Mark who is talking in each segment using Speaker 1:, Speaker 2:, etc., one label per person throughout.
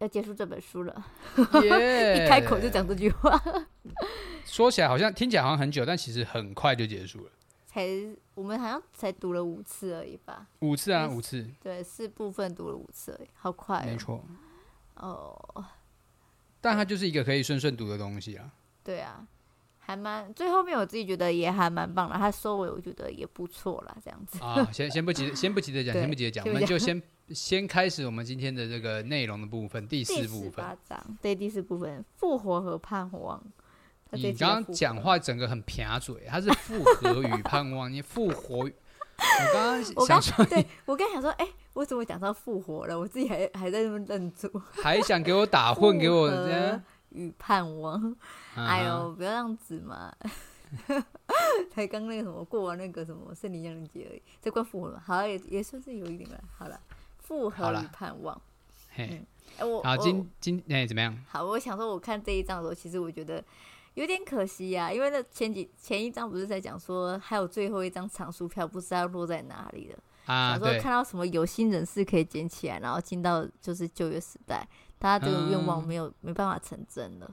Speaker 1: 要結束這本書了，yeah， 一開口就講這
Speaker 2: 句話。 說起來好像聽起來好像很久，但其實很快就結束了。
Speaker 1: 才我們好像才讀了五次而已吧？
Speaker 2: 五次啊，五次。
Speaker 1: 對，四部分讀了五次而已，好快沒錯。哦。
Speaker 2: 但它就是一個可以順順讀的東西啊，嗯。
Speaker 1: 對啊，還蠻最後面，我自己覺得也還蠻棒的。它收尾我，我覺得也不錯啦，這樣子。啊，
Speaker 2: 先先不急，先不急着講，先不急着講， 我們就先。 先開始我們今天的這個內容的部分，第四部分。第八
Speaker 1: 章，對第四部分，復活和盼望。你剛剛講
Speaker 2: 話整個很撇嘴，他是復合與盼望。你 復復活， 我剛剛想，想說，對
Speaker 1: 我剛想說，哎，我怎麼講到復活了，我自己還還在那邊愣住，
Speaker 2: 還想給我打混，給我呢？
Speaker 1: 與盼望，
Speaker 2: 哎呦，不要
Speaker 1: 這樣子嘛！才 剛那個什麼，過完那個什麼聖靈降臨節而已，再講復活了，好也也算是有一點吧。好了。復
Speaker 2: 合與盼望，好嗯欸、我好，我今今哎怎麼樣？
Speaker 1: 好，我想說，我看這一張的時候，其實我覺得有點可惜呀、啊，因為那前幾前一章不是在講說還有最後一張藏書票，不知道落在哪裡了。
Speaker 2: 啊，想說看
Speaker 1: 到什麼有心人士可以撿起來，然後進到就是舊約時代，他這個願望沒有、嗯、沒辦法成真了。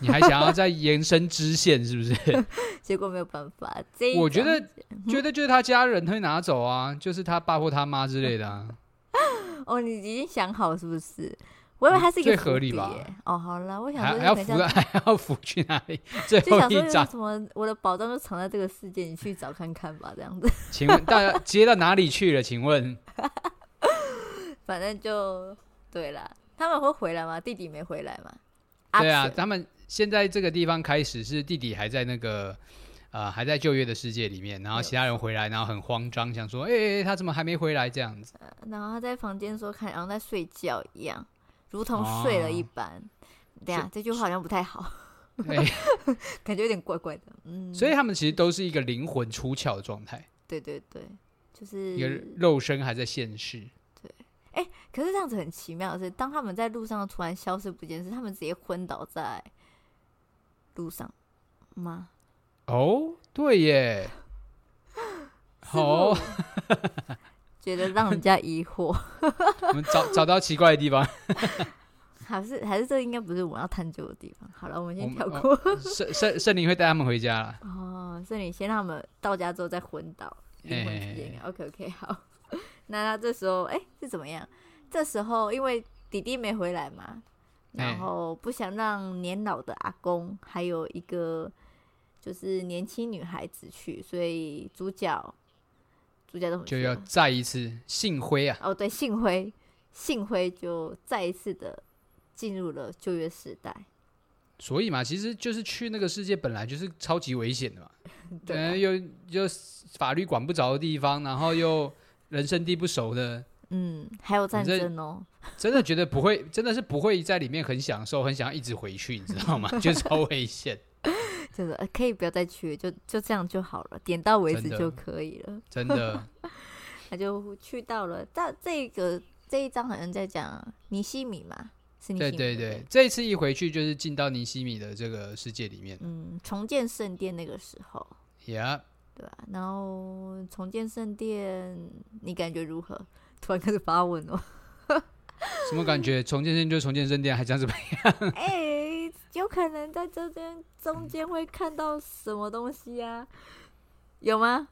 Speaker 2: 你還想要再延伸支線， 是不是？
Speaker 1: 結果沒有辦法。這一我覺得，
Speaker 2: 覺得就是他家人會拿走啊， 就是他爸或他媽之類的啊。
Speaker 1: 哦，你已經想好是不是？我以為他是一個合理吧？最合理吧。哦，好了，我想說還要扶，還要扶去哪裡？最後一張什麼？我的寶藏就藏在這個世界，你去找看看吧。這樣子，請問大家
Speaker 2: 接到哪裡去了？ 請問，
Speaker 1: 反正就對了。他們會回來嗎？弟弟沒回來嗎？對啊，啊，
Speaker 2: 他們現在這個地方開始是弟弟還在那個。呃，還在舊約的世界裡面，然後其他人回來，然後很慌張，想說，哎、欸、哎，他、欸欸、怎麼還沒回來？這樣子，
Speaker 1: 呃。然後他在房間說，看，然後在睡覺一樣，如同睡了一般。對、哦、呀，這句話好像不太好， 欸、 感覺有點怪怪的。嗯，
Speaker 2: 所以他們其實都是一個靈魂出竅的狀態。
Speaker 1: 對對對，就是一個
Speaker 2: 肉身還在現世。對，哎、
Speaker 1: 欸，可是這樣子很奇妙的是，當他們在路上突然消失不見，是他們直接昏倒在路上嗎？
Speaker 2: 哦、oh?，對耶，好， 覺得讓人家
Speaker 1: 疑惑。 我們找找
Speaker 2: 到奇怪的地方，
Speaker 1: 還 是還是這應該不是我要探究的地方。好了，我們先跳過。
Speaker 2: 聖聖聖靈會帶他們回家
Speaker 1: 了。哦，聖靈先讓他們到家之後再昏倒，靈魂 OK OK，好。那那這時候，哎，是怎麼樣？這時候因為弟弟沒回來嘛，然後不想讓年老的阿公還有一個。就是年輕女孩子去，所以主角主角都很要就要
Speaker 2: 再一次幸輝啊！
Speaker 1: 哦，對，幸輝幸輝就再一次的進入了舊約時代。
Speaker 2: 所以嘛，其實就是去那個世界本來就是超級危險的嘛， 對、呃，又又法律管不着的地方，然後又人生地不熟的，
Speaker 1: 嗯，還有戰爭哦、喔，
Speaker 2: 真的覺得不會，真的是不會在裡面很享受，很想要一直回去，你知道嗎？就超危險。
Speaker 1: 真的可以不要再去，就就這樣就好了，點到為止就可以了。真的，那 就去到了。但這個這一章好像在講尼西米嘛，是尼西米。對，對對，
Speaker 2: 這一次一回去就是進到尼西米的這個世界裡面。
Speaker 1: 嗯，重建聖殿那個時候 y、yeah. e 對吧？啊？然後重建聖殿，你感覺如何？突然開始發問哦，
Speaker 2: 什麼感覺？重建聖殿，就重建聖殿，還想怎麼樣？哎、 欸。
Speaker 1: 有可能在這邊中間會看到什麼東西呀、
Speaker 2: 啊？有嗎？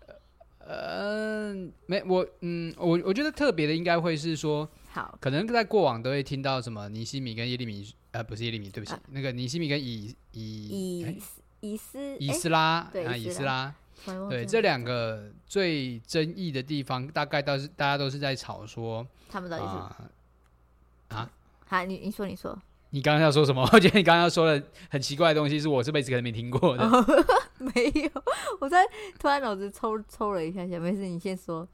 Speaker 2: 呃，沒，我嗯，我我覺得特別的應該會是說，好，可能在過往都會聽到什麼尼西米跟耶利米，呃，不是耶利米，對不起、啊，那個尼西米跟以以
Speaker 1: 以、欸、以斯以斯拉、欸，對啊，對，以斯拉，斯拉，對，對，對，這兩
Speaker 2: 個最爭議的地方，大概倒是大家都是在吵說他們到底是。啊，好、啊啊，你你說你說。你說你剛剛要說什麼？我覺得你剛剛要說的很奇怪的東西，是我這輩子可能沒聽過的、
Speaker 1: 哦。沒有，我在突然腦子抽抽了一下下。沒事，你先說。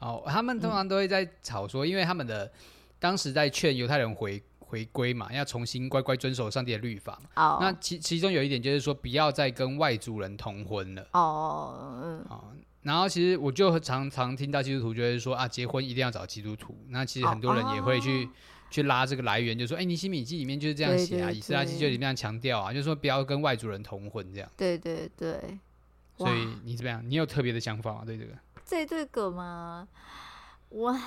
Speaker 2: 哦，他
Speaker 1: 們通常都會在
Speaker 2: 吵說，嗯、因為他們的當時在勸猶太人回回歸嘛，要重新乖乖遵守上帝的律法。哦。那其其中有一點就是說，不要再跟外族人通婚了。哦嗯，哦。好，然後其實我就常常聽到基督徒，就是說啊，結婚一定要找基督徒。那其實很多人也會去。哦去拉這個來源，就說：“哎、欸，尼希米記裡面就是這樣寫啊，對對對，以斯拉記就裡面強調啊，對對對，就是、說不要跟外族人通婚這樣。”
Speaker 1: 對對對，
Speaker 2: 所以你怎麼樣？你有特別的想法嗎？對這個，
Speaker 1: 這對狗嗎？我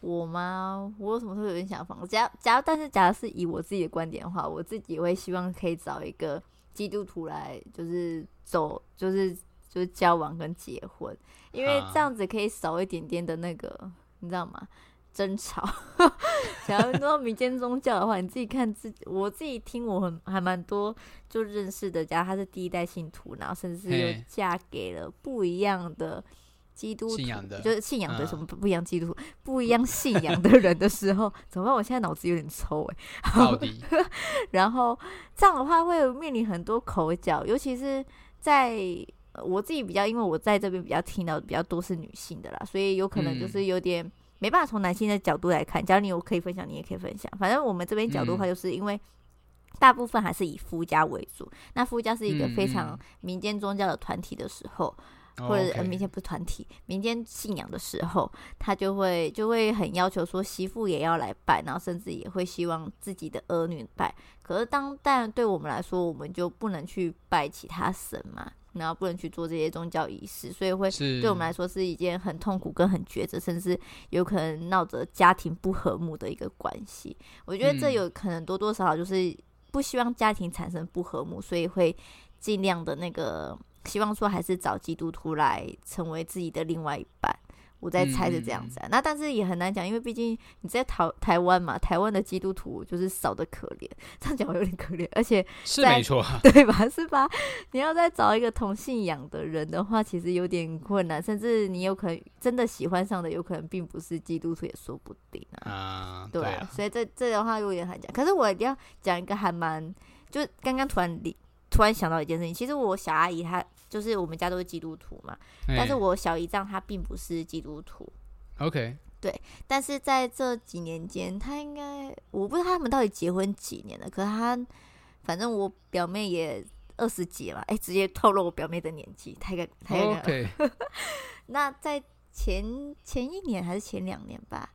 Speaker 1: 我嗎？我有什麼特別的想法？假假，假，但是假如是以我自己的觀點的話，我自己也會希望可以找一個基督徒來，就是走，就是就是交往跟結婚，因為這樣子可以少一點點的那個，啊、你知道嗎？爭吵。假如說民間宗教的話，你自己看自己，我自己聽，我很還蠻多就認識的。假如他是第一代信徒，然後甚至又嫁給了不一樣的基督信仰的，就是信仰的、嗯、什麼不一樣，基督徒不一樣信仰的人的時候，怎麼辦？我現在腦子有點抽哎。到底？然後這樣的話會面臨很多口角，尤其是在我自己比較，因為我在這邊比較聽到比較多是女性的啦，所以有可能就是有點、嗯。沒辦法從男性的角度來看，假如你有可以分享，你也可以分享。反正我們這邊角度的話，就是因為大部分還是以夫家為主、嗯。那夫家是一個非常民間宗教的團體的時候，嗯、或者、哦 okay、呃，民間不是團體，民間信仰的時候，他就會就會很要求說媳婦也要來拜，然後甚至也會希望自己的兒女拜。可是當但對我們來說，我們就不能去拜其他神嘛。然後不能去做這些宗教儀式，所以會對我們來說是一件很痛苦跟很抉擇，甚至有可能鬧得家庭不和睦的一個關係。我覺得這有可能多多少少就是不希望家庭產生不和睦，所以會盡量的那個希望說還是找基督徒來成為自己的另外一半。我在猜是這樣子，啊嗯，那但是也很難講，因為畢竟你在台台灣嘛，台灣的基督徒就是少的可憐，這樣講有點可憐，而且是沒錯，對吧？是吧？你要再找一個同信仰的人的話，其實有點困難，甚至你有可能真的喜歡上的有可能並不是基督徒，也說不定啊。啊對，啊對啊，所以這這樣的話有點難講。可是我一定要講一個還蠻，就剛剛突然突然想到一件事情，其實我小阿姨她。就是我們家都是基督徒嘛，欸、但是我小姨丈他並不是基督徒。OK，對，但是在這幾年間，他應該，我不知道他們到底結婚幾年了，可是他反正我表妹也二十幾了，哎、欸，直接透露我表妹的年紀，他應該，他應該。OK，呵呵，那在前前一年還是前兩年吧，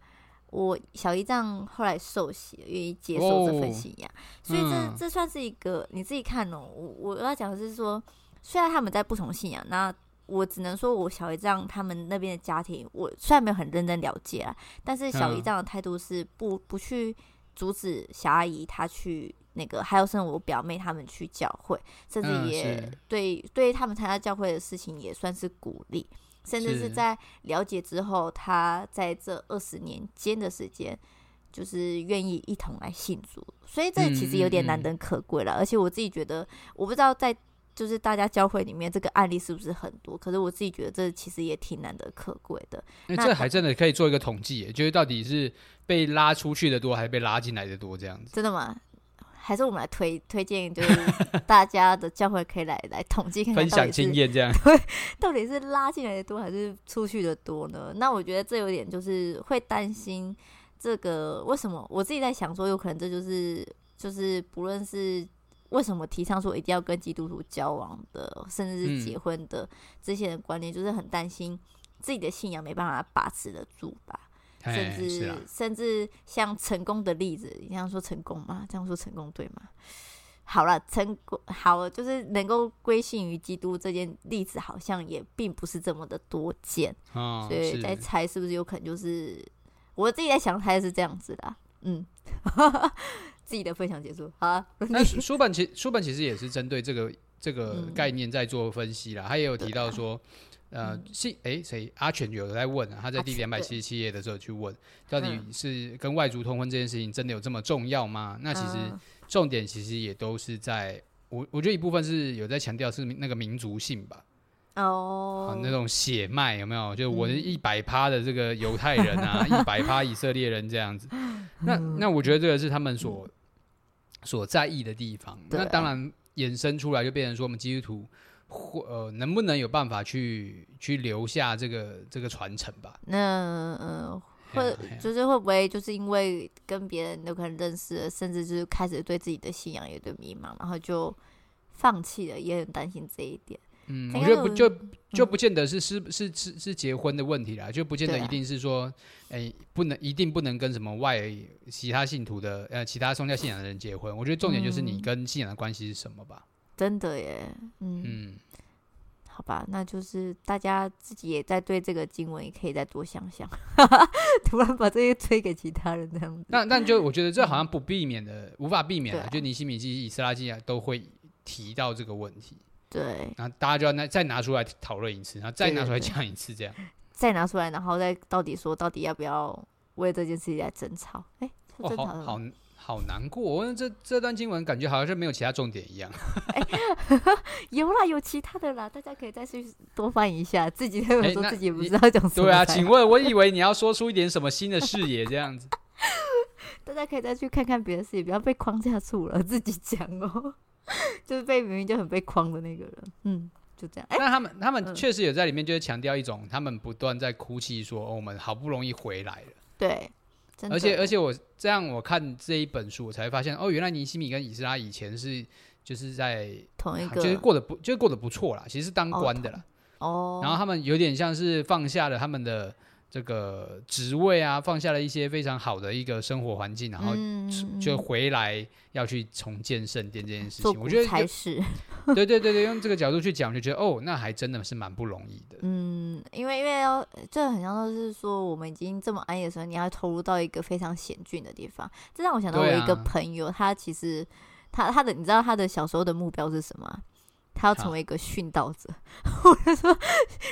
Speaker 1: 我小姨丈後來受洗了，願意接受這份信仰，oh. 所以這、嗯、這算是一個你自己看哦。我我要講的是說。雖然他們在不同信仰，那我只能說，我小姨丈他們那邊的家庭，我雖然沒有很認真了解啊，但是小姨丈的態度是不不去阻止小阿姨她去那個，還有甚至我表妹他們去教會，甚至也對、嗯、對，對他們參加教會的事情也算是鼓勵，甚至是在了解之後，他在這二十年間的時間，就是願意一同來信主，所以這其實有點難能可貴了、嗯嗯嗯。而且我自己覺得，我不知道在。就是大家教會裡面這個案例是不是很多？可是我自己覺得這其實也挺難得可貴的。欸、那這還
Speaker 2: 真的可以做一個統計，就是到底是被拉出去的多，還是被拉進來的多？這樣子
Speaker 1: 真的嗎？還是我們來推推薦，就是大家的教會可以來 來，來統計，分享經驗這樣。
Speaker 2: 對，
Speaker 1: 到底是拉進來的多，還是出去的多呢？那我覺得這有點就是會擔心這個，為什麼？我自己在想說，有可能這就是就是不論是。為什麼提倡說一定要跟基督徒交往的，甚至是結婚的、嗯、這些人觀念，就是很擔心自己的信仰沒辦法把持得住吧？
Speaker 2: 甚至、
Speaker 1: 啊、甚至像成功的例子，你這樣說成功嗎？這樣說成功對嗎？好了，成功好了，就是能夠歸信於基督這件例子，好像也並不是這麼的多見、哦、
Speaker 2: 所以在
Speaker 1: 猜是不是有可能，就是，是我自己在想，猜是這樣子的。嗯。 自己的分享結束，好啊。那
Speaker 2: 書本其書本其實也是針對這個這個概念在做分析啦。嗯、他也有提到說，呃，信誒，誰、欸、阿全有在問、啊？他在第兩百七十七頁的時候去問，到底是跟外族通婚這件事情真的有這麼重要嗎？嗯、那其實重點其實也都是在我，我覺得一部分是有在強調是那個民族性吧。哦、oh, 啊，那種血脈有沒有？就我是一百趴的這個猶太人啊，一百趴以色列人這樣子。 那那我覺得這個是他們所、嗯、所在意的地方。啊、那當然，衍生出來就變成說，我們基督徒或呃，能不能有辦法去去留下這個這個傳承吧？
Speaker 1: 那嗯，會、呃、 就是會不會就是因為跟別人有可能認識了， 甚至就是開始對自己的信仰有點迷茫，然後就放棄了，也很擔心這一點。嗯、欸，我覺得不就就
Speaker 2: 不見得是、嗯、是是是是結婚的問題啦，就不見得一定是說，哎、啊欸，不能一定不能跟什麼外其他信徒的呃其他宗教信仰的人結婚、嗯。我覺得重點就是你跟信仰的關係是什麼吧。
Speaker 1: 真的耶，嗯，嗯好吧，那就是大家自己也在對這個經文也可以再多想想。 突然把這些推給其他人這樣、嗯、
Speaker 2: 那那就我覺得這好像不避免的，嗯、無法避免的、啊，就尼希米記、以斯拉記啊都會提到這個問題。對，然後大家就要拿再拿出來討論一次，然後再拿出來講一次，這樣對對
Speaker 1: 對，再拿出來，然後再到底說到底要不要為這件事情來爭吵？哎、欸哦，
Speaker 2: 好，好好難過。我覺得這這段經文感覺好像是沒有其他重點一樣。欸、
Speaker 1: 有啦，有其他的啦，大家可以再去多翻一下，自己如果說自己不知道講什麼，對啊，請
Speaker 2: 問我以為你要說出一點什麼新的視野這樣子。
Speaker 1: 大家可以再去看看別的視野，不要被框架住了，自己講哦、喔。 就是被明明就很被框的那個人，嗯，就這樣。但
Speaker 2: 他們、欸、他們確實有在裡面，就是強調一種他們不斷在哭泣說，說、嗯哦、我們好不容易回來了。
Speaker 1: 對，而且而且我
Speaker 2: 這樣我看這一本書，我才發現哦，原來尼西米跟以斯拉以前是就是在同一個、啊，就是過得不就是過得不錯啦，其實是當官的啦哦。哦，然後他們有點像是放下了他們的。這個職位啊，放下了一些非常好的一個生活環境，然後就回來要去重建聖殿這件事情。嗯、事我覺得才是，對對對對，用這個角度去講，我就覺得哦，那還真的是蠻不容易
Speaker 1: 的。嗯，因為因為要，這很像都是說，我們已經這麼安逸的時候，你要投入到一個非常險峻的地方，這讓我想到我一個朋友，啊、他其實他他的，你知道他的小時候的目標是什麼？他要成為一個殉道者， 我就說，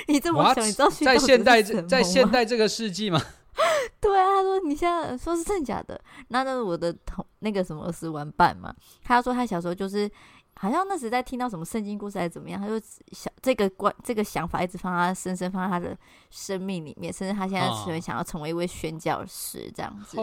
Speaker 1: 你這麼想，What? 你知道殉道者是什麼嗎？在現代，在現
Speaker 2: 代這個世紀嗎？
Speaker 1: 對啊，他說，你現在說是真的假的，那那我的同那個什麼是玩伴嘛？他說，他小時候就是。好像那時在聽到什麼聖經故事還是怎麼樣，他就想這個觀這個想法一直放在他深深放在他的生命裡面，甚至他現在準備想要成為一位宣教師這樣子。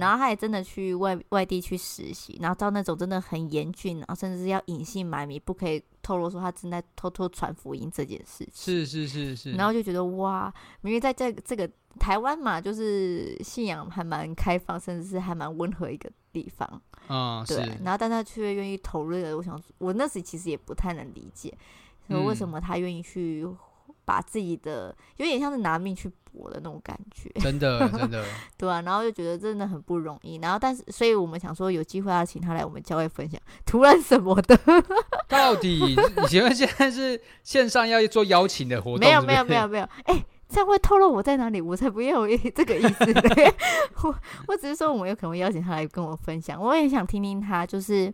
Speaker 1: 然後他也真的去外外地去實習，然後到那種真的很嚴峻，然後甚至是要隱姓埋名，不可以透露說他正在偷偷傳福音這件事情。
Speaker 2: 是是是是。然後
Speaker 1: 就覺得哇，明明在這個、這個台灣嘛，就是信仰還蠻開放，甚至是還蠻溫和一個。地方啊，哦，
Speaker 2: 對是，
Speaker 1: 然後但他卻願意投入。我想說，我那時其實也不太能理解，說，嗯，為什麼他願意去把自己的，有點像是拿命去搏的那種感覺。真的，真的，呵呵對啊。然後就覺得真的很不容易。然後，但是，所以我們想說，有機會要請他來我們教會分享，突然什麼的。
Speaker 2: 到底， 你覺得現在是線上要做邀請的活動，沒有，是是沒有，沒有，沒
Speaker 1: 有。哎，欸。這樣會透露我在哪裡？我才不要，欸，這個意思。 對，我我只是說，我們有可能會邀請他來跟我分享。我也想聽聽他，就是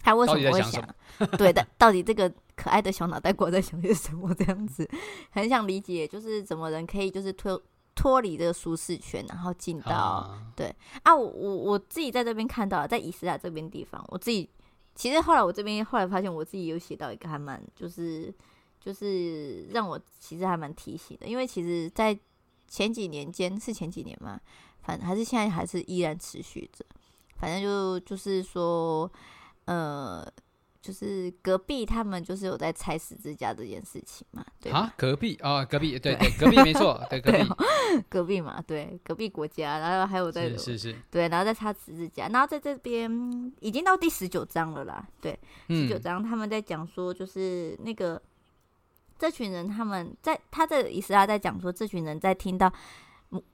Speaker 1: 他為什麼會想？對的，到底這個可愛的小腦袋瓜在想些什麼？這樣子很想理解，就是怎麼人可以就是脫脫離這個舒適圈，然後進到對啊，我我我自己在這邊看到了，在以斯拉這邊地方，我自己其實後來我這邊後來發現，我自己有寫到一個還蠻就是。就是讓我其實還蠻提醒的，因為其實，在前幾年間是前幾年嘛，反正還是現在還是依然持續着。反正就就是說，呃，就是隔壁他們就是有在拆十字架這件事情嘛，
Speaker 2: 對啊，隔壁啊、哦，隔壁，對對，對，隔壁沒錯，對隔壁 對、
Speaker 1: 哦，隔壁嘛，對隔壁國家，然後還有在是是，是對，然後在拆十字架，然後在這邊已經到第十九章了啦，對，嗯、十九章他們在講說就是那個。這群人，他們在他的以斯拉在講說，這群人在聽到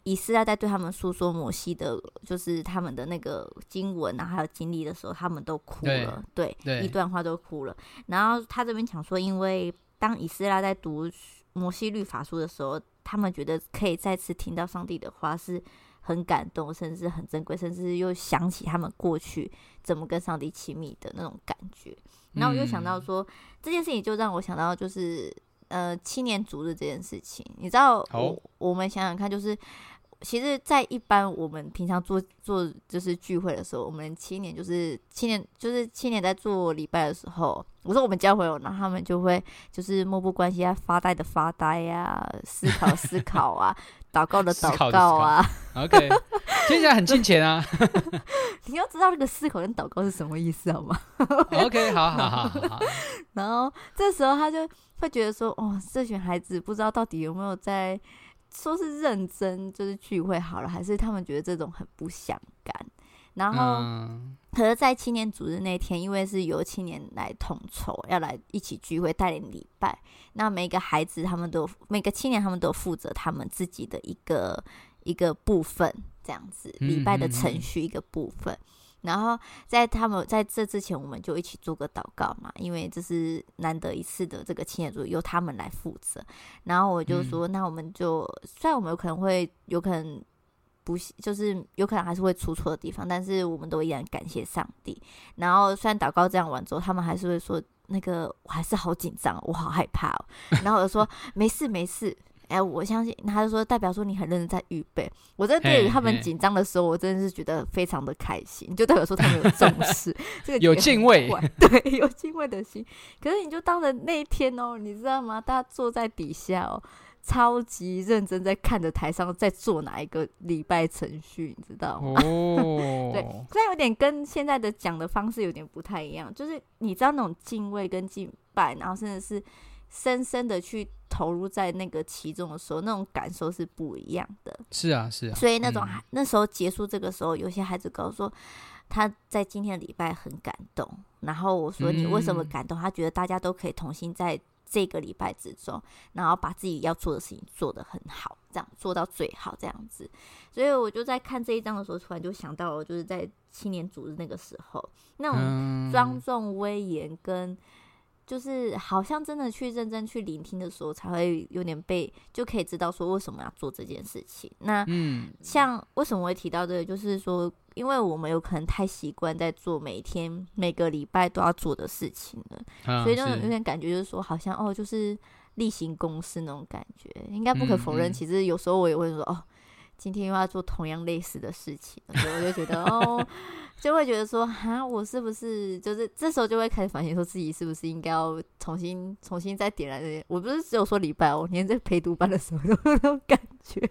Speaker 1: 以斯拉在對他們訴說摩西的，就是他們的那個經文啊，還有經歷的時候，他們都哭了，對，對對一段話都哭了。然後他這邊講說，因為當以斯拉在讀摩西律法書的時候，他們覺得可以再次聽到上帝的話，是很感動，甚至很珍貴，甚至又想起他們過去怎麼跟上帝親密的那種感覺。嗯，然後我就想到說，這件事情就讓我想到就是。呃，青年主日這件事情，你知道，oh. 我我們想想看，就是其實，在一般我們平常做做就是聚會的時候，我們青年就是青年就是青年在做禮拜的時候，我說我們交朋友，然後他們就會就是漠不關心，啊，發呆的發呆呀、啊，思考思考啊。 禱告的禱告啊
Speaker 2: ，OK，聽 起來很虔誠啊 。
Speaker 1: 你要知道那個思考跟禱告是什麼意思好嗎
Speaker 2: ？OK，好好好。
Speaker 1: 然後， 然後這時候他就會覺得說，哦，這群孩子不知道到底有沒有在說是認真，就是聚會好了，還是他們覺得這種很不相干。然後
Speaker 2: ，uh,
Speaker 1: 可是，在青年主日那天，因為是由青年來統籌，要來一起聚會帶領禮拜。那每個孩子他們都，每個青年他們都負責他們自己的一個一個部分，這樣子禮拜的程序一個部分。嗯嗯嗯、然後在他們在這之前，我們就一起做個禱告嘛，因為這是難得一次的這個青年主日，由他們來負責。然後我就說，嗯、那我們就雖然我們有可能會有可能。不，就是有可能還是會出錯的地方，但是我們都依然感謝上帝。然後，雖然禱告這樣完之後，他們還是會說：“那個，我還是好緊張，我好害怕哦。”然後我就說：“ 沒事，沒事。”哎，我相信他就說代表說你很認真在預備。我在對於他們緊張的時候嘿嘿，我真的是覺得非常的開心，就代表說他們有重視 這個有敬畏，對，有敬畏的心。可是你就當着那一天哦，你知道嗎？大家坐在底下哦。超級認真在看着台上在做哪一個禮拜程序，你知道嗎？Oh. 對，雖然有點跟現在的講的方式有點不太一樣，就是你知道那種敬畏跟敬拜，然後甚至是深深的去投入在那個其中的時候，那種感受是不一樣的。是啊，是啊。所以那種、嗯、那時候結束這個時候，有些孩子跟我說，他在今天的禮拜很感動。然後我說你為什麼感動？嗯、他覺得大家都可以同心在。這個禮拜之中，然後把自己要做的事情做得很好，這樣做到最好，這樣子。所以我就在看這一章的時候，突然就想到了，就是在青年組織那個時候，那種莊重威嚴跟、嗯，就是好像真的去認真去聆聽的時候，才會有點被就可以知道說為什麼要做這件事情。那嗯，像為什麼我會提到的、這個，就是說。因為我們有可能太習慣在做每天每個禮拜都要做的事情了，嗯，所以就有點感覺就是說，是好像哦，就是例行公事那種感覺。應該不可否認，嗯，其實有時候我也會說，哦，今天又要做同樣類似的事情，嗯，所以我就覺得， 哦，就會覺得說，哈，啊，我是不是就是這時候就會開始反省，說自己是不是應該要重新重新再點燃這些？我不是只有說禮拜哦，連在陪讀班的時候都
Speaker 2: 有那種感。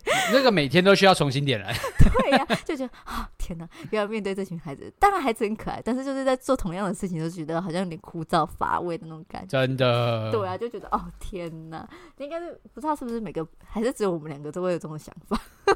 Speaker 2: 那個每天都需要重新點燃， 對呀、啊，就覺得啊、哦，天哪，
Speaker 1: 又要面對這群孩子。當然孩子很可愛，但是就是在做同樣的事情，都覺得好像有點枯燥乏味的那種感覺。真的，對啊，就覺得哦，天哪，應該是不知道是不是每個，還是只有我們兩個都會有這種想法。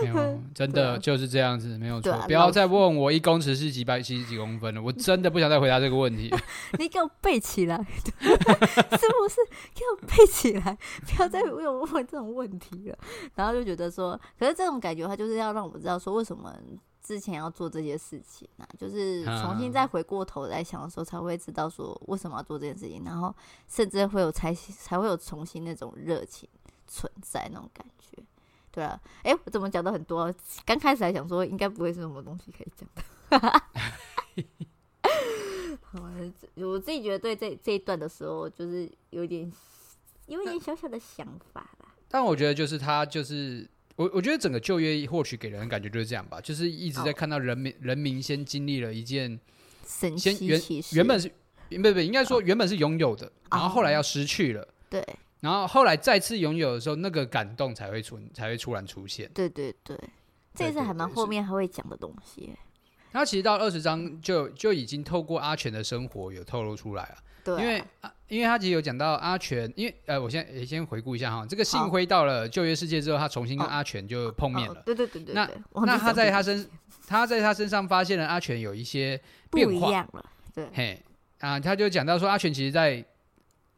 Speaker 1: 沒有，真的、啊、
Speaker 2: 就是這樣子，沒有錯、啊。不要再問我一公尺是幾百、七十幾公分了、啊，我真的不想再回答這個問題。
Speaker 1: 你給我背起來， 是不是？給我背起來，不要再問我問這種問題了。然後就覺得說，可是這種感覺，它就是要讓我們知道說，為什麼之前要做這些事情啊？就是重新再回過頭來想的時候，才會知道說為什麼要做這件事情，然後甚至會有才才會有重新那種熱情存在那種感覺。對了、啊，哎，我怎麼講的很多、啊？剛開始還想說，應該不會是什麼東西可以講的。我、 啊、我自己覺得，對這這一段的時候，就是有一點有一點小小的想法啦。但，
Speaker 2: 但我覺得，就是他就是我，我覺得整個舊約或許給人的感覺就是這樣吧，就是一直在看到人民、哦、人民先經歷了一件，神奇，先原原本是不不、哦，應該說原本是擁有的，哦、然後後來要失去了。哦、對。然後後來再次擁有的時候，那個感動才會出才會突然出現。對對對，對對對這也是還蠻後面還會講的東西。然後其實到二十章就、嗯、就已經透過阿全的生活有透露出來了。對、啊，因為、啊、因為他其實有講到阿全，因為呃，我現在也先回顧一下哈，這個幸輝到了舊約世界之後，他重新跟阿全就碰面了。哦哦、對，對對對對。那那他在他身對對對他在他身上發現了阿全有一些變化了。對，嘿啊，他就講到說阿全其實在，在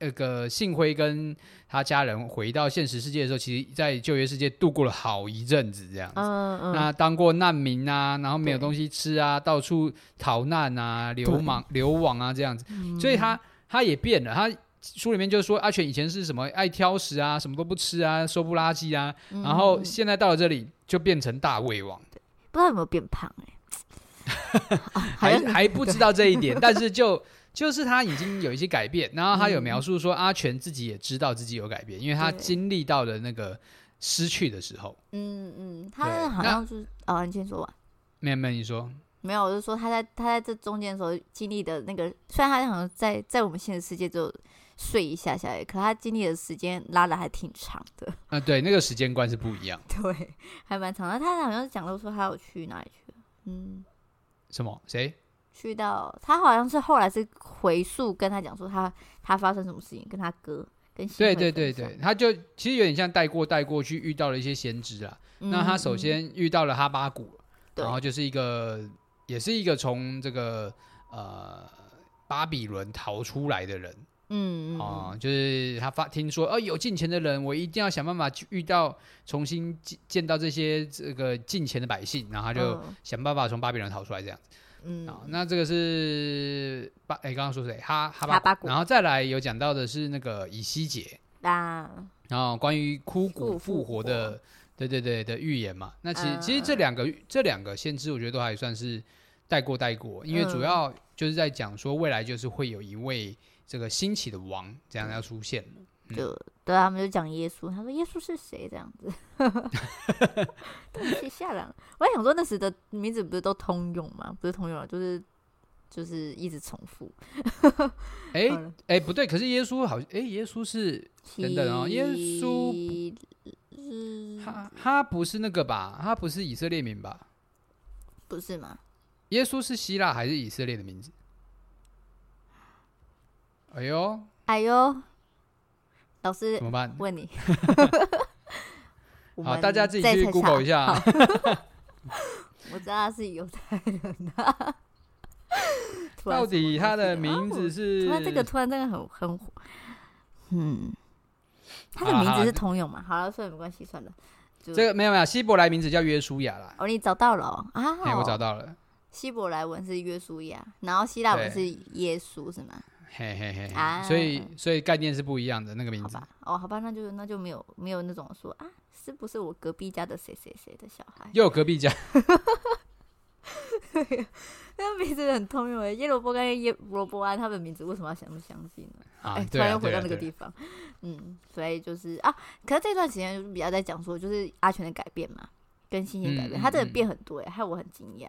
Speaker 2: 那個幸輝跟他家人回到現實世界的時候，其實，在舊約世界度過了好一陣子這樣子，嗯嗯。那當過難民啊，然後沒有東西吃啊，到處逃難啊，流亡流亡啊這樣子。嗯、所以他他也變了。他書裡面就說，阿、啊、全以前是什麼愛挑食啊，什麼都不吃啊，瘦不拉幾啊、嗯，然後現在到了這裡就變成大胃王。不知道有沒有變胖哎、欸？ 還還不知道這一點，啊、但是就。 就是他已經有一些改變，然後他有描述說阿、嗯啊、全自己也知道自己有改變，因為他經歷到了那個失去的時候。
Speaker 1: 嗯嗯，他好像是哦，你先說完。
Speaker 2: 沒有沒有，你說。
Speaker 1: 沒有，我就說他在他在這中間的時候經歷的那個，雖然他好像在在我們現實世界就睡一下下，可他經歷的時間拉得還挺長的。
Speaker 2: 啊、呃，對，那個時間觀是不一樣。
Speaker 1: 對，還蠻長的。那他好像是講到說他要去哪裡去？嗯，
Speaker 2: 什麼？誰？
Speaker 1: 去到他好像是後來是回溯跟他講說，他他發生什麼事情跟他哥跟，對對對對，
Speaker 2: 他就其實有點像帶過，帶過去遇到了一些先知啊，那他首先遇到了哈巴谷，嗯、然後就是一個也是一個從這個呃巴比倫逃出來的人，嗯哦、呃，就是他發聽說哦、呃、有敬虔的人，我一定要想辦法去遇到，重新見見到這些這個敬虔的百姓，然後他就想辦法從巴比倫逃出來這樣、嗯嗯、哦，那這個是八，哎、欸，剛剛說誰？哈哈巴谷，哈巴谷，然後再來有講到的是那個以西結，
Speaker 1: 啊，然
Speaker 2: 後關於枯骨復活的復復，對對對的預言嘛。那其實、嗯、其實這兩個這兩個先知，我覺得都還算是帶過帶過，因為主要就是在講說未來就是會有一位這個興起的王這樣要出現了。嗯嗯嗯對、啊、他們就講耶穌。他說耶穌是誰？這樣子，
Speaker 1: 些嚇人，我在想說，那時的名字不是都通用嗎？不是通用，就是就是一直重複。
Speaker 2: 哎 哎、欸欸，不對，可是耶穌好像哎、欸，耶穌是等等哦，耶穌是，
Speaker 1: 他
Speaker 2: 他不是那個吧？他不是以色列名吧？不是嗎？耶穌是希臘還是以色列的名字？哎呦哎呦。老師，怎麼辦？問你。 好，大家自己去 Google 一下。我知道
Speaker 1: 他是猶太
Speaker 2: 人。 到底他的名字是？那、啊、這個
Speaker 1: 突然真的很很火。嗯，他的名字是通用嘛？啊、好了、啊啊 啊，算了，沒關係，算了。
Speaker 2: 這個沒有沒有，希伯來名字叫約書亞啦。
Speaker 1: 哦，你找到了、哦、啊？對、哦欸，我找到了。希伯來文是約書亞，然後希臘文是耶穌，是嗎？
Speaker 2: 嘿嘿嘿，所以所以概念是不一樣的那個名字吧？
Speaker 1: 哦，好吧，那就那就沒有沒有那種說啊，是不是我隔壁家的誰誰誰的小孩？又有隔壁家，對， 那個名字很通用耶，耶羅波跟耶羅波安，他們的名字為什麼要相不相信呢？哎、啊啊欸，突然又回到那個地方。啊啊啊、嗯，所以就是啊，可是這段時間就比較在講說，就是阿全的改變嘛，跟新的改變，嗯、他真的變很多哎、嗯，害我很驚訝。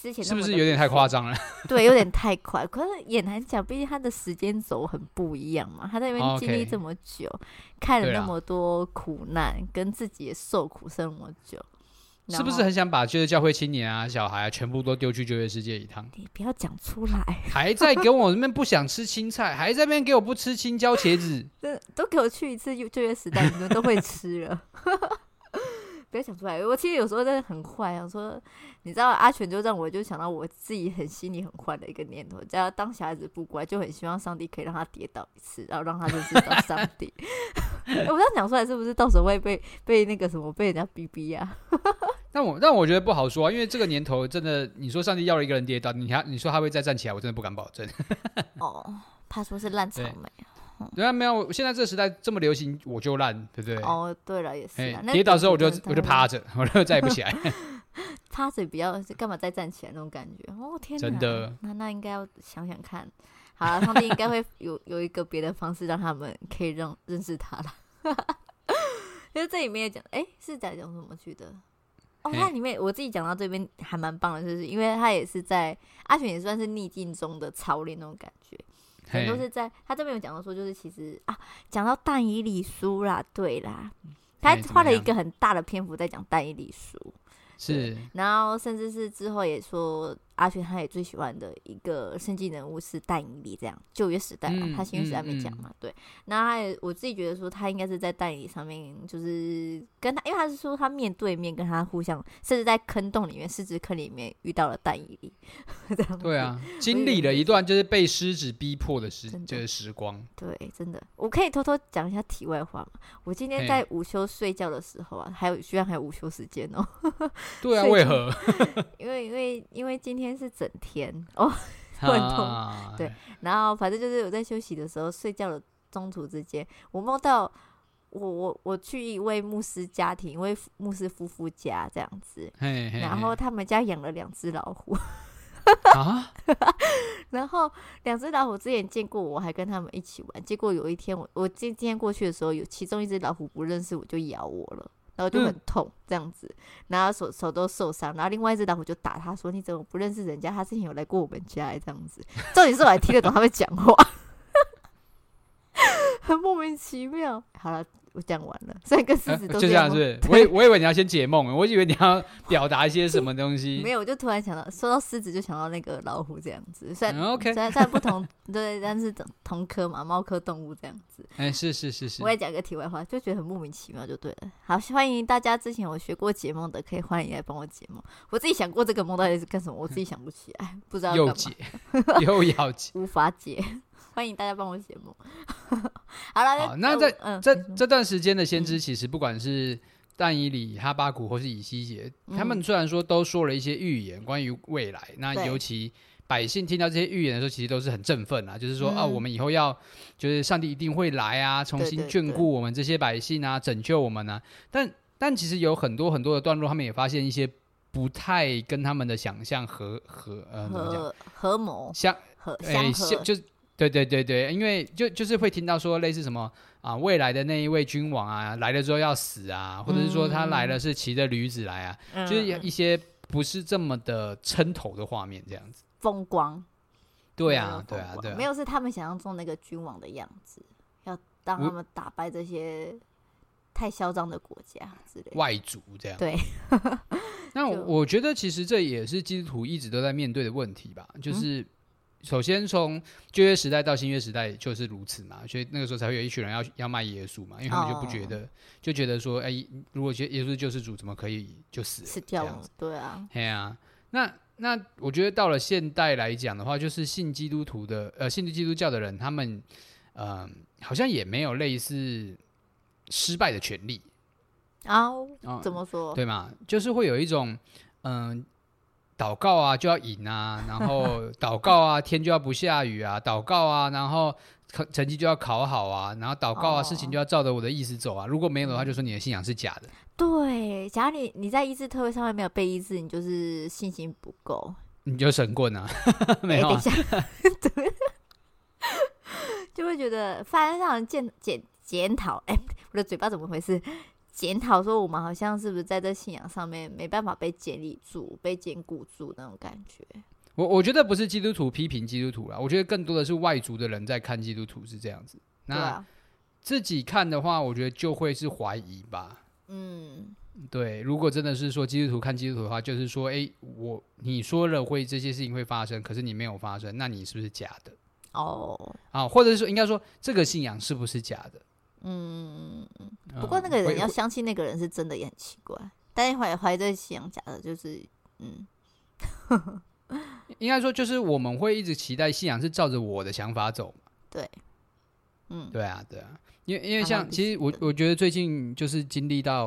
Speaker 1: 之前是不是有點太誇張
Speaker 2: 了？對，有點
Speaker 1: 太快， 可是也難講，畢竟他的時間軸很不一樣嘛。他在那邊經歷這麼久、哦 okay，看了那麼多苦難，跟自己也受苦這麼久，
Speaker 2: 是不是很想把這個教會青年啊、小孩啊、全部都丟去就業世界一趟？你
Speaker 1: 不要講出來，還在給我
Speaker 2: 那邊不想吃青菜， 還在那邊給我不吃青椒茄子，
Speaker 1: 都 都給我去一次就就業時代，你們都會吃了。 不要講出來！我其實有時候真的很壞，啊。說，你知道阿全就讓我就想到我自己很心裡很壞的一個念頭，只要當小孩子不乖，就很希望上帝可以讓他跌倒一次，然後讓他就知道上帝。 我這樣講出來是不是到時候會被被那個什麼被人家逼逼啊？
Speaker 2: 但我但我覺得不好說、啊，因為這個年頭真的，你說上帝要了一個人跌倒，你還你說他會再站起來，我真的不敢保證。 哦，
Speaker 1: 怕說是爛草莓。
Speaker 2: 對、嗯、啊，沒有，我現在這個時代這麼流行，我就爛，對不對？哦，對了，也是、欸。跌倒之後我就，就我就趴着，我就再也不起來。
Speaker 1: 趴着比較幹嘛？再站起來那種感覺。哦天吶，真的？那那應該要想想看。好了，他們應該會有 有一個別的方式，讓他們可以認認識他了。因 為這裡面也講，哎、欸，是講講什麼去的？
Speaker 2: 哦，那裡
Speaker 1: 面、欸、我自己講到這邊還蠻棒的，就是因為他也是在阿全也算是逆境中的操練那種感覺。很多是在他這邊有講到說，就是其實啊，講到《但以理書》啦，對啦，
Speaker 2: 嗯、他還畫了一個很
Speaker 1: 大的篇幅在講《但以理書》，嗯，是，然後甚至是之後也說。阿群他也最喜歡的一個聖經人物是但以理，這樣舊約時代嘛，嗯、他新約時代沒講嘛、嗯，對。那他也我自己覺得說，他應該是在但以理上面，就是跟他，因為他是說他面對面跟他互相，甚至在坑洞裡面，獅子坑裡面遇到了但以理，
Speaker 2: 對啊，經歷了一段就是被獅子逼迫的時， 的就是時光。
Speaker 1: 對，真的，我可以偷偷講一下題外話嘛。我今天在午休睡覺的時候啊，還有居然還有午休時間哦。對啊， 為何？ 因為因為因為今天。是整天哦，很、oh, 痛、 oh. 對，然後反正就是我在休息的時候睡覺的中途之間，我夢到我我我去一位牧師家庭，一位牧師夫婦家這樣子，hey, hey, hey. 然後他們家養了兩隻老虎， ah? 然後兩隻老虎之前見過我，我還跟他們一起玩，結果有一天我我今今天過去的時候，有其中一隻老虎不認識我就咬我了。然後就很痛、嗯，這樣子，然後手手都受傷，然後另外一隻老虎就打他說：“你怎麼不認識人家？他之前有來過我們家，這樣子。重點是我還聽得懂他們講話， 很莫名其妙。好”好了。我講完了，所以跟獅子都是樣，啊、就這樣子是是。
Speaker 2: 我以我以為你要先解夢，我以為你要表達一些什麼東西。 沒
Speaker 1: 有，我就突然想到，說到獅子就想到那個老虎這樣子，雖然雖然，嗯 okay. 雖然不同， 對，但是同科嘛，貓科動物這樣子。
Speaker 2: 哎、欸，是是是是。我也
Speaker 1: 講個題外話，就覺得很莫名其妙，就對了。好，歡迎大家，之前我學過解夢的，可以歡迎來幫我解夢。我自己想過這個夢到底是幹什麼，我自己想不起來，不知道又解，
Speaker 2: 又要解，無法解。
Speaker 1: 歡迎大家幫我寫夢。
Speaker 2: 好了，好，那在嗯、呃、這這段時間的先知，嗯、其實不管是但以理哈巴谷、或是以西結、嗯，他們雖然說都說了一些預言關於未來、嗯，那尤其百姓聽到這些預言的時候，其實都是很振奮啊，嗯、就是說啊，我們以後要就是上帝一定會來啊、嗯，重新眷顧我們這些百姓啊，對對對拯救我們啊。但但其實有很多很多的段落，他們也發現一些不太跟他們的想象合合呃合合謀，像哎、欸、像就。對對對對，因為就就是會聽到說，類似什麼啊，未來的那一位君王啊，來了之後要死啊，嗯、或者是說他來了是騎着驢子來啊，嗯、就是有一些不是這麼的稱頭的畫面，這樣子。
Speaker 1: 風光。
Speaker 2: 對啊，對啊，對，沒有
Speaker 1: 是他們想象中那個君王的樣子，要當他們打敗這些太囂張的國家之類外
Speaker 2: 族這樣。對。 那我我覺得其實這也是基督徒一直都在面對的問題吧，就是。嗯首先，從舊約時代到新約時代就是如此嘛，所以那個時候才會有一群人要要賣耶穌嘛，因為他們就不覺得，哦、就覺得說，哎，如果耶穌是救世主，怎麼可以就死死掉了？對啊，啊那那我覺得到了現代來講的話，就是信基督徒的呃，信基督教的人，他們嗯、呃，好像也沒有類似失敗的權利哦，哦
Speaker 1: 怎麼說？對嘛？
Speaker 2: 就是會有一種嗯。呃禱告啊，就要贏啊，然後禱告啊，天就要不下雨啊， 禱告啊，然後成績就要考好啊，然後禱告啊，哦、事情就要照着我的意思走啊。如果沒有的話，就說你的信仰是假的。嗯、
Speaker 1: 對，假如你你在醫治特會上面沒有被醫治，你就是信心不夠。
Speaker 2: 你就神棍啊？ 沒有、欸，等一下，
Speaker 1: 就會覺得發現讓人，檢檢檢討。哎、欸，我的嘴巴怎麼回事？檢討說，我們好像是不是在這信仰上面沒辦法被建立住、被堅固住那種感覺？
Speaker 2: 我我覺得不是基督徒批評基督徒了，我覺得更多的是外族的人在看基督徒是這樣子。那、啊、自己看的話，我覺得就會是懷疑吧。嗯，對。如果真的是說基督徒看基督徒的話，就是說，哎、欸，我你說了會這些事情會發生，可是你沒有發生，那你是不是假的？哦，啊，或者是說，應該說這個信仰是不是假的？
Speaker 1: 嗯，不過那個人要相信那個人是真的也很奇怪，但懷懷着信仰假的，就是
Speaker 2: 嗯， 應該說就是我們會一直期待信仰是照着我的想法走嘛？對，嗯，對啊，對啊，因為因為像其實我我覺得最近就是經歷到，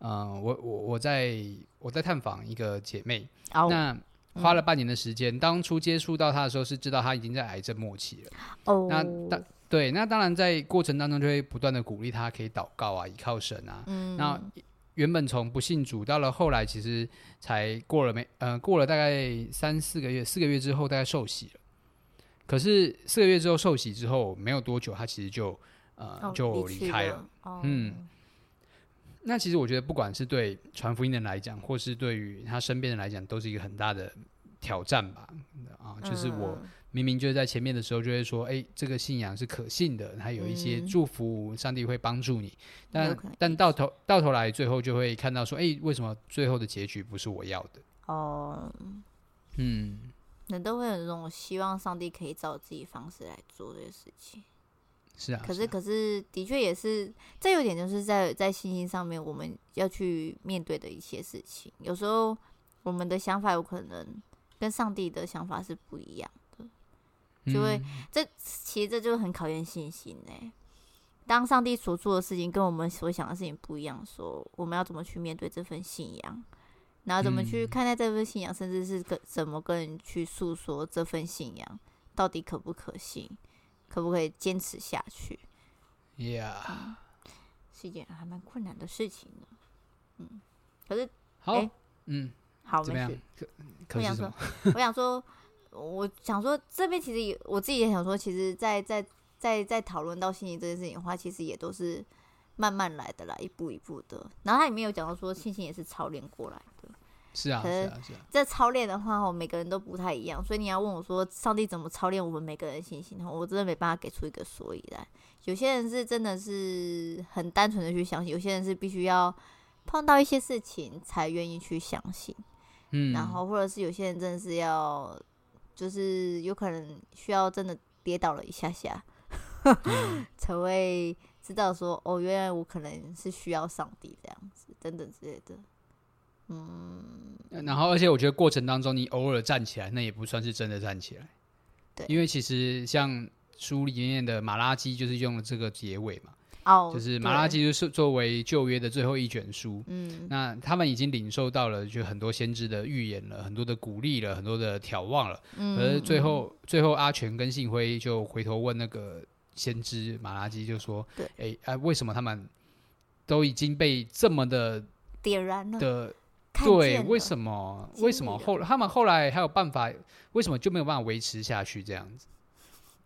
Speaker 2: 嗯、呃，我我我在我在探訪一個姐妹、哦，那花了半年的時間、嗯，當初接觸到她的時候是知道她已經在癌症末期了，哦，那對，那當然，在過程當中就會不斷的鼓勵他，可以禱告啊，依靠神啊。嗯。那原本從不信主，到了後來，其實才過了沒，嗯、呃，過了大概三四個月，四個月之後大概受洗了。可是四個月之後受洗之後，沒有多久，他其實就呃、哦、就離開了，離了、哦。嗯。那其實我覺得，不管是對傳福音的人來講，或是對於他身邊的人來講，都是一個很大的挑戰吧。
Speaker 1: 啊、嗯，就是我。
Speaker 2: 明明就是在前面的時候就會說：“哎、欸，這個信仰是可信的，還有一些祝福，上帝會幫助你。嗯”但可可但到頭到頭來，最後就會看到說：“哎、欸，為什麼最後的結局不是我要的？”
Speaker 1: 哦，嗯，人都會有這種希望，上帝可以照自己方式來做這些事情。是啊，可是可是的確也是，這有點就是在在信心上面我們要去面對的一些事情。有時候我們的想法有可能跟上帝的想法是不一樣的。就會，這其實這就很考驗信心呢、欸。當上帝所做的事情跟我們所想的事情不一樣，說我們要怎麼去面對這份信仰，然後怎麼去看待這份信仰，嗯、甚至是跟怎麼跟人去訴說這份信仰到底可不可信，可不可以堅持下去呀、Yeah. 嗯、是一件還蠻困難的事情的嗯，可是，好，欸、
Speaker 2: 嗯，好，沒事可可是。我想說，
Speaker 1: 我想說。我想說，這邊其實也我自己也想說，其實在在在在討論到信心這件事情的話，其實也都是慢慢來的啦，一步一步的。然後他裡面有講到說，信心也是操練過來的。是
Speaker 2: 啊，是啊，可是
Speaker 1: 這操練的話，我每個人都不太一樣，所以你要問我說，上帝怎麼操練我們每個人的信心？我真的沒辦法給出一個所以然。有些人是真的是很單純的去相信，有些人是必須要碰到一些事情才願意去相信。嗯，然後或者是有些人真的是要。就是有可能需要真的跌倒了一下下， 才會知道說哦，原來我可能是需要上帝這樣子，等等之類的。嗯。然後，而
Speaker 2: 且我覺得過程當中，你偶爾站起來，那也不算是真的站起來。對。因為其實像書裡面的馬拉基就是用了這個結尾嘛。哦、oh，就是馬拉基就是作為舊約的最後一卷書，嗯，那他們已經領受到了，就很多先知的預言了，很多的鼓勵了，很多的挑旺了。嗯、可是最後、嗯，最後阿全跟信輝就回頭問那個先知馬拉基，就說：對，哎哎、啊，為什麼他們都已經被這麼的
Speaker 1: 點燃了的
Speaker 2: 了？對，為什麼？為什麼後他們後來還有辦法？為什麼就沒有辦法維持下去？這樣子？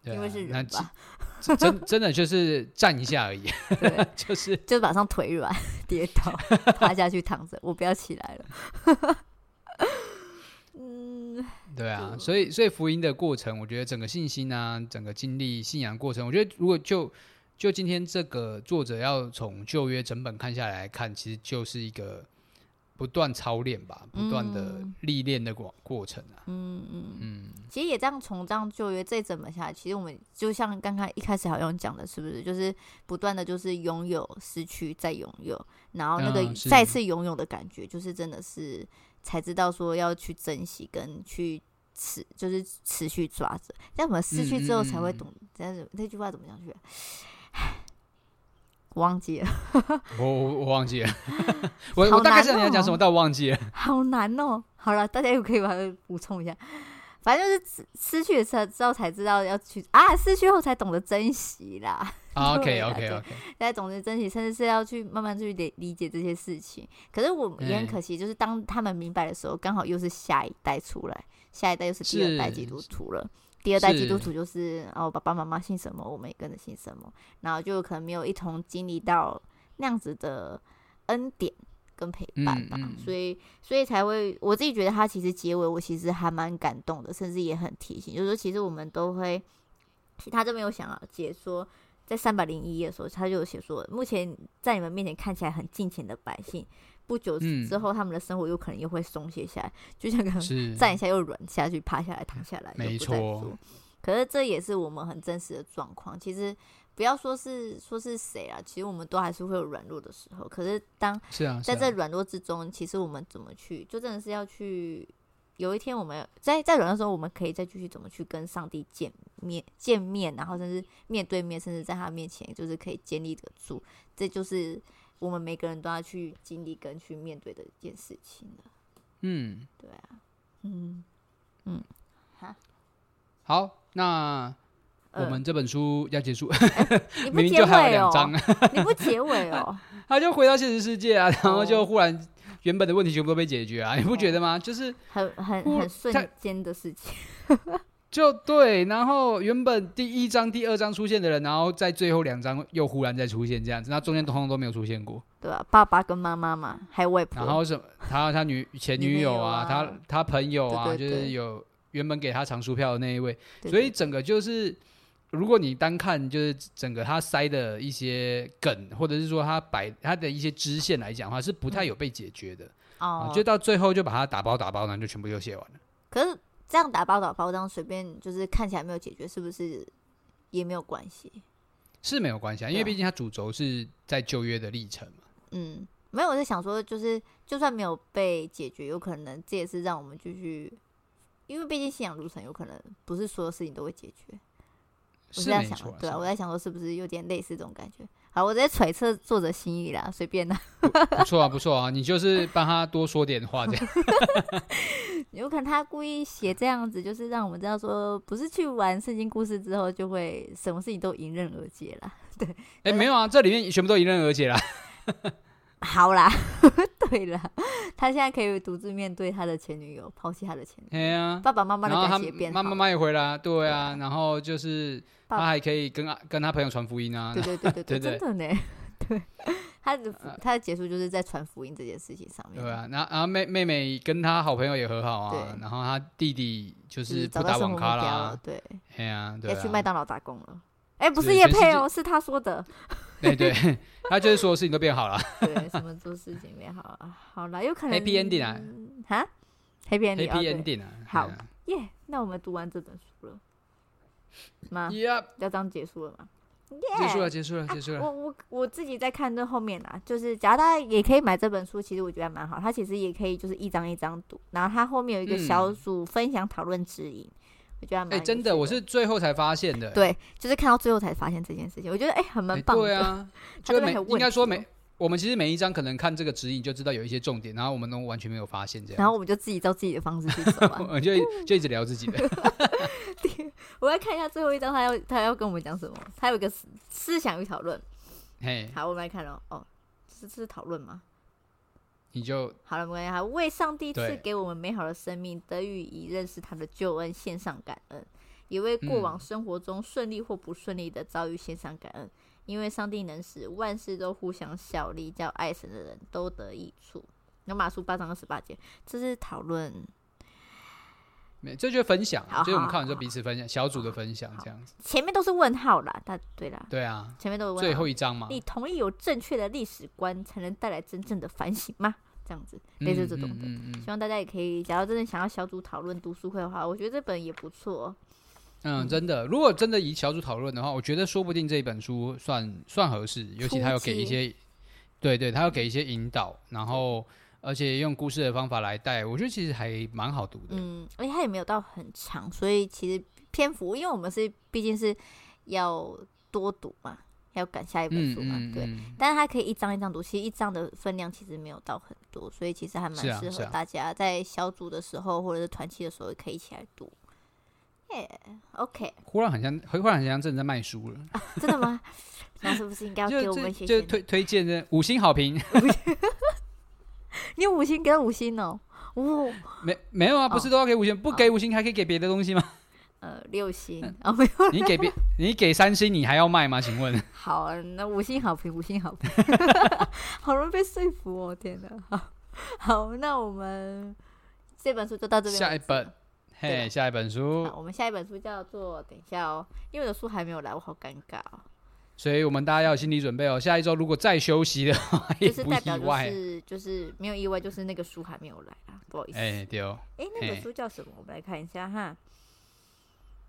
Speaker 2: 對啊，因為是人吧，那 真真的就是站一下而已，
Speaker 1: 對 就是就馬上腿軟跌倒趴下去躺着， 我不要起來了。 嗯，
Speaker 2: 對啊，對，所以所以福音的過程，我覺得整個信心啊，整個經歷信仰過程，我覺得如果就就今天這個作者要從舊約整本看下來看，其實就是一個。不斷操練吧，不斷的歷練的過過程啊。嗯嗯嗯，
Speaker 1: 嗯，其實也這樣，從這樣舊約再怎麼下，其實我們就像剛剛一開始好像講的，是不是？就是不斷的，就是擁有、失去、再擁有，然後那個再次擁有的感覺，就是真的是才知道說要去珍惜，跟去持，就是持續抓着。但我們失去之後才會懂，但、嗯、是、嗯嗯、那句話怎麼講去、啊？忘記了
Speaker 2: 我，我我我忘記了， 我、哦，我大概知道你要講什麼，但我忘記了。
Speaker 1: 好難哦！好了，大家又可以把它補充一下。反正就是失去的時候，才知道才知道要去啊，失去後才懂得珍惜啦。啊啊、OK OK OK，大家懂得珍惜，甚至是要去慢慢去理理解這些事情。可是我也很可惜，嗯，就是當他們明白的時候，剛好又是下一代出來，下一代又是第二代基督徒了。第二代基督徒就是，是哦，爸爸媽媽信什麼？我們也跟着信什麼，然後就可能沒有一同經歷到那樣子的恩典跟陪
Speaker 2: 伴吧、嗯嗯，
Speaker 1: 所以所以才會我自己覺得他其實結尾，我其實還蠻感動的，甚至也很提醒，就是說其實我們都會，他都沒有想要解說，在三百零一頁的時候，他就有寫說，目前在你們面前看起來很近前的百姓。不久之後、嗯，他們的生活又可能又會鬆懈下來，就像剛站一下又軟下去，趴下來躺下來，下來嗯、又不再做。可是這也是我們很真實的狀況。其實不要說是說是誰啊，其實我們都還是會有軟弱的時候。可是當在這軟弱之中、是啊是啊，其實我們怎麼去，就真的是要去。有一天我們在在軟弱的時候，我們可以再繼續怎麼去跟上帝見面見面，然後甚至面對面，甚至在他面前，就是可以建立得住。這就是。我們每個人都要去經歷跟去面對的一件事情。嗯，對啊，嗯嗯，
Speaker 2: 哈，好，那、呃、我們這本書要結束，明明就還有兩章你不結尾哦，你不 結尾哦 他？他就回到現實世界啊，然後就忽然原本的問題全部都被解決啊、哦，你不覺得嗎？就是
Speaker 1: 很很很瞬間的事情。
Speaker 2: 就對，然後原本第一章第二章出現的人，然後在最後兩章又忽然再出現這樣子，那中間通通都沒有出現過。對啊，
Speaker 1: 爸爸跟媽媽嘛，還有外婆。然後什
Speaker 2: 麼，他他女前女友啊，啊他他朋友啊，對對對，就是有原本給他藏書票的那一位，對對對，所以整個就是，如果你單看就是整個他塞的一些梗，或者是說他擺他的一些支線來講的話，是不太有被解決的。嗯、哦、嗯，就到最後就把它打包打包呢，然後就全部又寫完了。
Speaker 1: 可是。這樣打包打包，這樣隨便就是看起來沒有解決，是不是也沒有關係？
Speaker 2: 是沒有關係啊，因為畢竟它主軸是在舊約的歷程嘛。嗯，
Speaker 1: 沒有，我是想說，就是就算沒有被解決，有可能這也是讓我們繼續，因為畢竟信仰路程，有可能不是所有事情都會解決。
Speaker 2: 我是在想，
Speaker 1: 對啊，我在想說，是不是有點類似這種感覺？好，我在揣測作者心意啦，隨便啦。
Speaker 2: 不錯啊，不錯啊，你就是幫他多說點話 這樣。
Speaker 1: 有 可能他故意寫這樣子，就是讓我們知道說，不是去玩聖經故事之後就會什麼事情都迎刃而解啦。
Speaker 2: 對，哎、欸，沒有啊，這裡面全部都迎刃而解啦。
Speaker 1: 好啦， 對了，他現在可以獨自面對他的前女友，拋棄他的前
Speaker 2: 女友。哎呀、啊，爸爸媽媽的關係變好了，媽媽媽也回來，對、啊，對啊。然後就是爸他還可以跟啊，跟他朋友傳福音啊。對對對對對，對對對對對對，
Speaker 1: 真的呢。對他，的、呃、他的結束就是在傳福音這件事情上面。對啊，
Speaker 2: 然後，然後妹妹妹跟他好朋友也和好啊。然後他弟弟就是不打網咖了、啊嗯了，啊、對對打工了。對，哎呀，要去
Speaker 1: 麥當勞打工了。哎，不是葉配哦，是他說的。
Speaker 2: 對、 欸、對，他、啊、就是所有事情都變好了。
Speaker 1: 對，什麼做事情變好了？好了，有可能。Happy ending、嗯、啊？哈 Happy ending？Happy ending 啊？好耶！啊、yeah, 那我們讀完這本書了嘛、yep？要這樣結束了嗎？結束了，結束
Speaker 2: 了，結束了。啊、束了我
Speaker 1: 我我自己在看這後面啦，就是假如大家也可以買這本書，其實我覺得還蠻好。它其實也可以就是一章一章讀，然後它後面有一個小組分享討論指引。嗯哎、欸，真
Speaker 2: 的，我是最後才發現的、欸。對，
Speaker 1: 就是看到最後才發現這件事情，我覺得哎、欸，很蠻棒、欸。對啊，就每有應該說每
Speaker 2: 我們其實每一章可能看這個指引就知道有一些重點，然後我們都完全沒有發現這樣。然後
Speaker 1: 我們就自己照自己的方式
Speaker 2: 去走， 我就就一直聊自己的 。
Speaker 1: 我來看一下最後一章，他要他要跟我們講什麼？他有一個思思想與討論。嘿，好，我們來看哦。哦，是是討論嗎？你就好了，沒關係。為上帝賜給我們美好的生命，對得以以認識他的救恩，獻上感恩；也為過往生活中順利或不順利的遭遇，獻上感恩、嗯。因為上帝能使萬事都互相效力，叫愛神的人都得益處。那羅馬書八章二十八節，這是討論。
Speaker 2: 沒這就是分享，所以我，我們看完就彼此分享小組的分享這樣
Speaker 1: 子。前面都是問號啦，他對啦，對
Speaker 2: 啊，前面都是問號。最後一章嘛。你
Speaker 1: 同意有正確的歷史觀才能帶來真正的反省嗎？這樣子、嗯、類似這種的、嗯嗯嗯，希望大家也可以，假如真的想要小組討論讀書會的話，我覺得這本也不錯。
Speaker 2: 嗯，真的，如果真的以小組討論的話，我覺得說不定這一本書算算合適，尤其他有給一些，對對，他有給一些引導，然後。而且用故事的方法來帶，我覺得其實還蠻好讀的。
Speaker 1: 嗯，而且它也沒有到很長，所以其實篇幅，因為我們是畢竟是要多讀嘛，要趕下一本書嘛，嗯、對。嗯嗯、但是它可以一張一張讀，其實一張的分量其實沒有到很多，所以其實還蠻適合大家在小組的時候、啊啊、或者是團契的時候可以一起來讀。耶、yeah，OK。
Speaker 2: 忽然很像，忽然很像正在賣書了、啊。
Speaker 1: 真的嗎？ 那是不是應該要給我們寫寫
Speaker 2: 就，就推推薦的五星好評？
Speaker 1: 你有五星給五星、喔、哦，我沒
Speaker 2: 沒有啊，不是都要給五星？哦、不給五星還可以給別的東西嗎？
Speaker 1: 呃、哦，六星
Speaker 2: 啊、嗯哦，沒有。你給別， 你給三星你還要賣嗎？請問？
Speaker 1: 好、啊，那五星好評，五星好評， 好容易被說服哦，天吶！好，那我們這本書就到這邊。下一
Speaker 2: 本，嘿，下一本書，我
Speaker 1: 們下一本書叫做……等一下哦，因為我的書還沒有來，我好尷尬。
Speaker 2: 所以我們大家要有心理準備哦，下一周如果再休息的話，就是代表就是
Speaker 1: 啊、就是沒有意外，就是那個書還沒有來啊，不好意思。哎、欸，對哦，哎、欸，那個書叫什麼？欸、我們來看一下哈，
Speaker 2: 《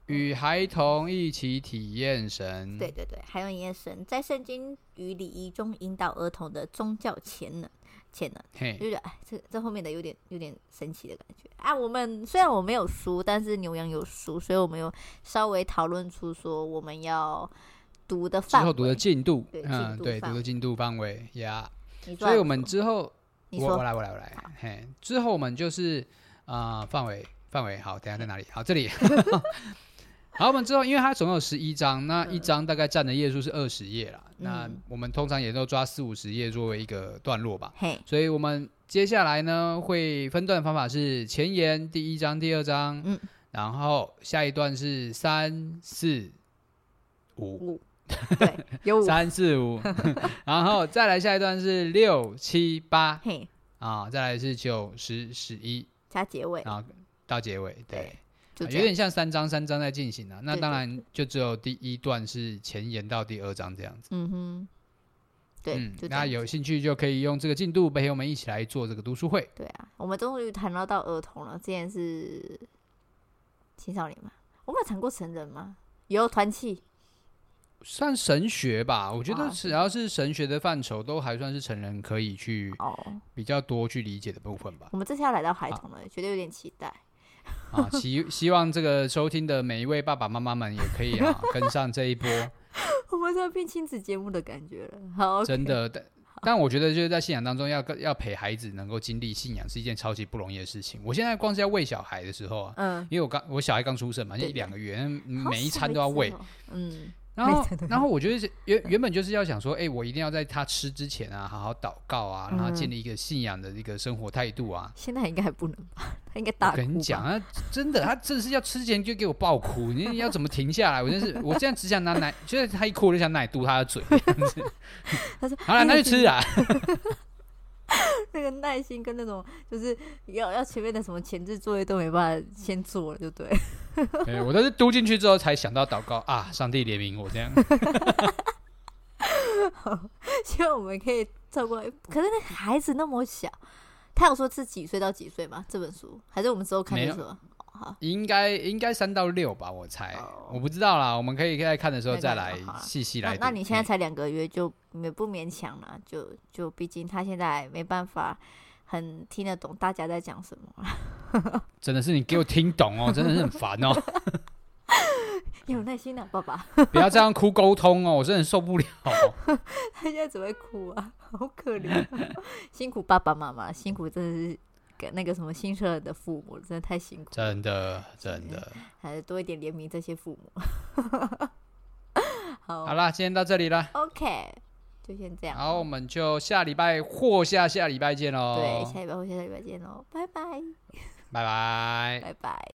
Speaker 2: 與孩童一起體驗神》嗯。對對對，
Speaker 1: 還有體驗神，在聖經與禮儀中引導兒童的宗教潛能潛能。就覺得哎，這這後面的有點有點神奇的感覺啊。我們雖然我沒有書，但是牛羊有書，所以我們有稍微討論出說我們要。讀的範圍之後讀的
Speaker 2: 進度，嗯度，對，讀的進度範圍 y、yeah. 所以我們之後我，我來，我來，我來。嘿，之後我們就是啊、呃，範圍，範圍。好，等下在哪裡？好，這裡。 好，我們之後，因為它總共有十一章，那一章大概占的頁數是二十頁了、嗯。那我們通常也都抓四五十頁作為一個段落吧。嘿、嗯，所以我們接下來呢，會分段方法是前言，第一章，第二章，嗯，然後下一段是三四五。 對，有五 三四五。 然後再來下一段是六七八，嘿，啊，再來是九十十一，加結尾，啊，到結尾，對，對啊，就有點像三章，三章在進行啊。那當然就只有第一段是前言到第二章這樣子。對對對，嗯哼，對，那，嗯，有興趣就可以用這個進度，配合我們一起來做這個讀書會。對
Speaker 1: 啊，我們終於談到到兒童了，之前是青少年嘛，我們有談過成人嗎？
Speaker 2: 有，團契。算神學吧，我覺得只要是神學的範疇，都還算是成人可以去比較多去理解的部分吧。哦、
Speaker 1: 我們這次要來到孩童了，覺、啊、得有點期待
Speaker 2: 啊！希希望這個收聽的每一位爸爸媽媽們也可以啊， 跟上這一波。
Speaker 1: 我們是要變親子節目的感覺了，好 okay，真的，
Speaker 2: 但但我覺得就是在信仰當中要要陪孩子能夠經歷信仰是一件超級不容易的事情。我現在光是要餵小孩的時候啊，嗯，因為我剛我小孩剛出生嘛，就一兩個月，每一餐都要餵、哦，嗯。然後、哎，然後我覺得原原本就是要想說，哎、欸，我一定要在他吃之前啊，好好禱告啊、嗯，然後建立一個信仰的一個生活態度啊。
Speaker 1: 現在應該還不能吧，他應該大哭。我跟
Speaker 2: 你講啊，他真的，他真的是要吃之前就給我爆哭，你要怎麼停下來？我真是，我這樣只想拿奶，就是他一哭我就想奶堵他的嘴。他 說：“好、哎、了，那就吃啊。 ”
Speaker 1: 那個耐心跟那種就是要要前面的什麼前置作業都沒辦法先做了，就對
Speaker 2: 了。對。我都是丟進去之後才想到禱告啊，上帝憐憫我這樣 。
Speaker 1: 好，希望我們可以照顧。可是那孩子那麼小，他有說是幾歲到幾歲嗎？這本書還是我們之後看的書？是
Speaker 2: 應該應該三到六吧，我猜，oh, 我不知道啦。我們可以在看的時候再來細細來。那那你現在才兩個月
Speaker 1: 就勉、欸勉，就沒不勉強了，就就畢竟他現在沒辦法很聽得懂大家在講什麼。
Speaker 2: 真的是你給我聽懂哦、喔， 真的是很煩哦、喔。
Speaker 1: 有耐心啊，爸爸。 不要這樣哭，
Speaker 2: 溝通哦、喔，我真的受不了。
Speaker 1: 他現在只會哭啊，好可憐。 辛苦爸爸媽媽，辛苦真的是。給那個什麼新生兒的父母，真的太辛苦了，
Speaker 2: 真的真的，
Speaker 1: 還是多一點憐憫這些父母。 好，好啦，
Speaker 2: 今天到這裡啦。
Speaker 1: OK，就先這樣。好，我
Speaker 2: 們就下禮拜或下下禮拜見嘍。對，下
Speaker 1: 禮拜或下下禮拜見嘍。拜拜，
Speaker 2: 拜拜，拜拜。Bye bye